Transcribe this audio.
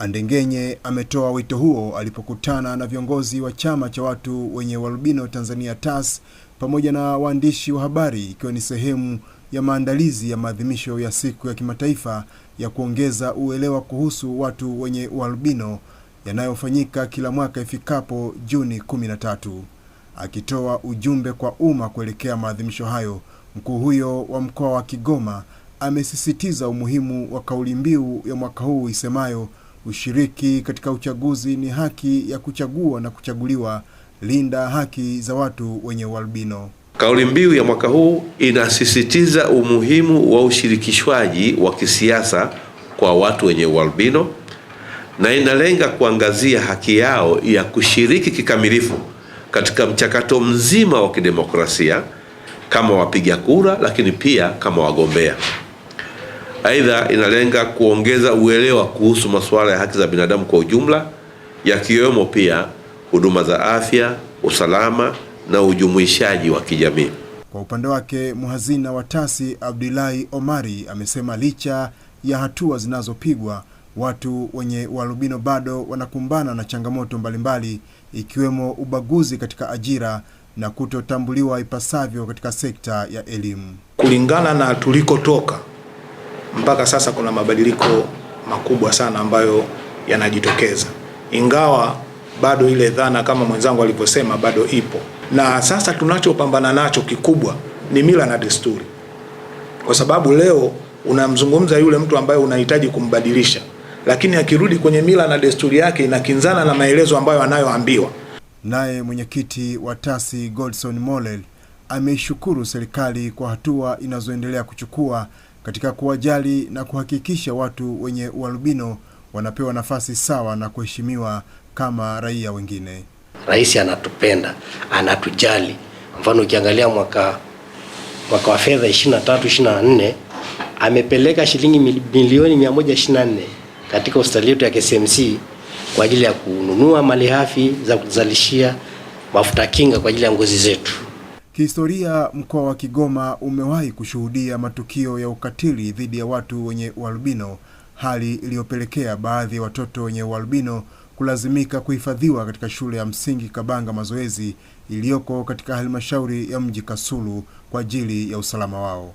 Andengenye ametoa wito huo alipokutana na viongozi wa chama cha watu wenye ualbino Tanzania TAS pamoja na waandishi wa habari ikiwa ni sehemu ya maandalizi ya maadhimisho ya siku ya kimataifa ya kuongeza uelewa kuhusu watu wenye ualbino yanayofanyika kila mwaka ifikapo Juni 13. Akitoa ujumbe kwa umma kuelekea maadhimisho hayo, mkuu huyo wa mkoa wa Kigoma amesisitiza umuhimu wa kauli mbiu ya mwaka huu isemayo Ushiriki katika uchaguzi ni haki ya kuchagua na kuchaguliwa. Linda haki za watu wenye ualbino. Kauli mbiu ya mwaka huu inasisitiza umuhimu wa ushirikishwaji wa kisiasa kwa watu wenye ualbino na inalenga kuangazia haki yao ya kushiriki kikamilifu katika mchakato mzima wa kidemokrasia kama wapiga kura, lakini pia kama wagombea. Aidha, inalenga kuongeza uelewa kuhusu masuala ya haki za binadamu kwa ujumla, yakiwemo pia huduma za afya, usalama na ujumuishaji wa kijamii. Kwa upande wake, mhazina wa TASI Abdullahi Omari amesema licha ya hatua zinazopigwa, watu wenye ualbino bado wanakumbana na changamoto mbalimbali ikiwemo ubaguzi katika ajira na kutotambuliwa ipasavyo katika sekta ya elimu. Kulingana na tulikotoka mpaka sasa kuna mabadiliko makubwa sana ambayo yanajitokeza, ingawa bado ile dhana kama mwenzangu alivyosema bado ipo, na sasa tunachopambana nacho kikubwa ni mila na desturi, kwa sababu leo unamzungumza yule mtu ambaye unahitaji kumbadilisha, lakini akirudi kwenye mila na desturi yake inakinzana na maelezo ambayo anayoambiwa. Naye mwenyekiti wa TASI Godson Mollel ameishukuru serikali kwa hatua inazoendelea kuchukua katika kuwajali na kuhakikisha watu wenye ualbino wanapewa nafasi sawa na kuheshimiwa kama raia wengine. Rais anatupenda, anatujali. Mfano, ukiangalia mwaka mwaka wa fedha 23 24 amepeleka shilingi milioni 124 katika hospitali yetu ya KCMC kwa ajili ya kununua malighafi za kuzalishia mafuta kinga kwa ajili ya ngozi zetu. Kihistoria, mkoa wa Kigoma umewahi kushuhudia matukio ya ukatili dhidi ya watu wenye ualbino, hali iliyopelekea baadhi ya watoto wenye ualbino kulazimika kuhifadhiwa katika shule ya msingi Kabanga Mazoezi iliyoko katika halmashauri ya mji Kasulu kwa ajili ya usalama wao.